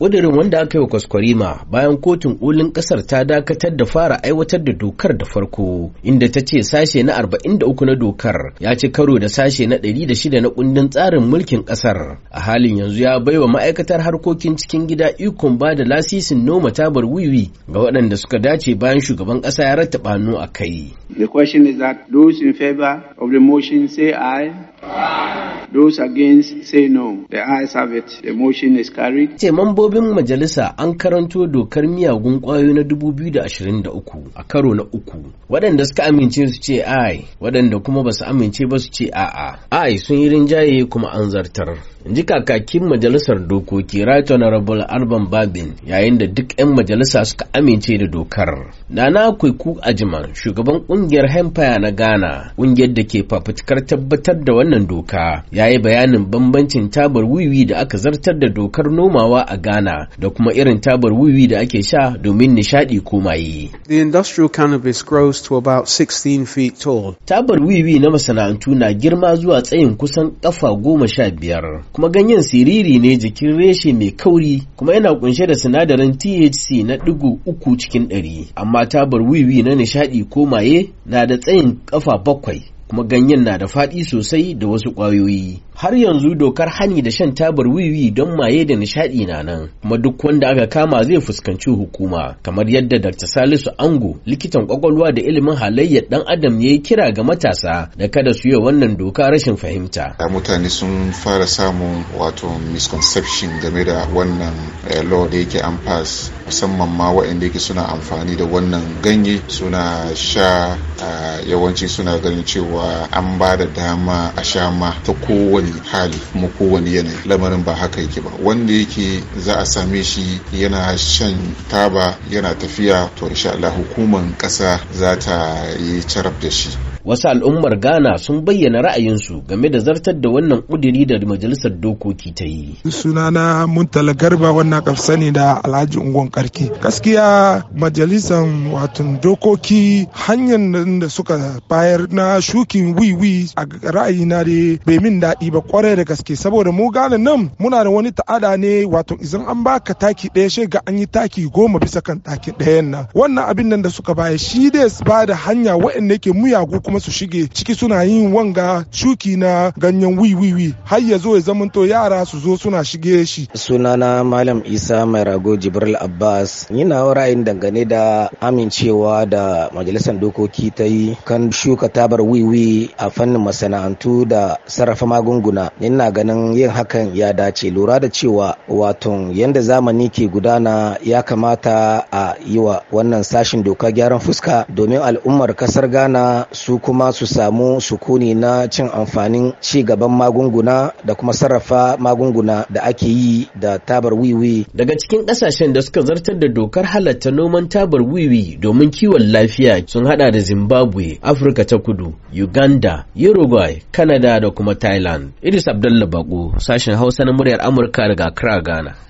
ƙudurin wanda aka yi wa kwaskwarima bayan kotun kolin ƙasar ta dakatar da fara aiwatar da dokar da farko inda ta ce sashe na arba'in 43 na dokar ya ci karo da sashe na 106 na kundin tsarin mulkin ƙasar a halin yanzu ya baiwa ma'aikatar harkokin cikin gida ikon ba da lasisin noma tabar wiwi ga waɗanda suka dace bayan shugaban ƙasa ya rata hannu a kai. The question is that those in favor of the motion say aye. Those against say no. The eyes have it. The motion is carried. Ce mambobin majalisa an karanto dokar miyagun kwayoyi na 2023 a karo na uku. Waɗanda suka amince su ce ai, waɗanda kuma basu amince ba su ce a'a. Ai sun yi rinjaye kuma an zartar. In ji kakakin majalisar dokoki Right Honorable Alban Babin yayin da duk 'yan majalisa suka amince da dokar. Nana a Ajima shugaban kungiyar Hempire na Ghana, kungiyar da ke fafutukar tabbatar da wannan doka, ya ya yi bayanin bambancin tabar wiwi da aka zartar da dokar nomawa a Ghana da kuma irin tabar wiwi da ake sha domin nishaɗi ko maye. The industrial cannabis grows to about 16 feet tall. Tabar wiwi na masana'antu na girma zuwa tsayin kusan ƙafa goma sha biyar kuma ganyen siriri ne jikin reshe mai kauri kuma yana kunshe da sinadarin THC na ɗigo uku cikin ɗari amma tabar wiwi na nishaɗi ko maye na da tsayin ƙafa bakwai kuma ganyen na da faɗi sosai da wasu ƙwayoyi. Har yanzu dokar hani da shan tabar wiwi don maye da nishaɗi na nan, kuma duk wanda aka kama zai fuskanci hukuma, kamar yadda Dr. Salisu Ango, likitan ƙwaƙwalwa da ilimin halayyar ɗan adam ya yi kira ga matasa da kada su yi wannan doka rashin fahimta. Mutane sun fara samun wato misconception game da wannan eh, law da yake an pass musamman ma waɗanda yake suna amfani da wannan ganye suna sha ah, yawanci suna ganin cewa cewa an ba da dama a sha ma ta kowane hali kuma kowane yanayi lamarin ba haka yake ba wanda yake za a same shi yana shan taba yana tafiya to insha Allah hukuman kasa za ta yi carab da shi wasu al'ummar ghana sun bayyana ra'ayinsu game da zartar da wannan udiri da majalisar dokoki ta yi sunana muntala garba wannan kafsani da alhaji ungon karki gaskiya majalisar watan dokoki hanyar da suka bayar na shukin wiwi a ra'ayina dai bai min daɗi ba kwarai da gaske saboda mu ghana nan muna da wani ta'ada ne wato idan an baka taki ɗaya shi ga an yi taki goma bisa kan taki ɗayan nan wannan abin nan da suka baya shi dai ba da hanya waɗanda ke muyagu kuma su shige ciki suna yin wanga cuki na ganyen wiwiwi har ya zo ya zamanto yara su zo suna shige shi sunana malam isa mai rago jibril abbas yana ra'ayin dangane da amincewa da majalisar dokoki ta yi kan shuka tabar wiwi a fannin masana'antu da sarrafa magunguna ina ganin yin hakan ya dace lura da cewa wato yadda zamani ke gudana ya kamata a yi wa wannan sashin doka gyaran fuska domin al'ummar kasar ghana su kuma su samu sukuni na cin amfanin ci gaban magunguna da kuma sarrafa magunguna da ake yi da tabar wiwi. Daga cikin ƙasashen da suka zartar da dokar halatta noman tabar wiwi domin kiwon lafiya sun hada da Zimbabwe, Afirka ta Kudu, Uganda, Uruguay, kanada da kuma Thailand. Idris Abdullah sashen Hausa na muryar Amurka daga Accra, Ghana.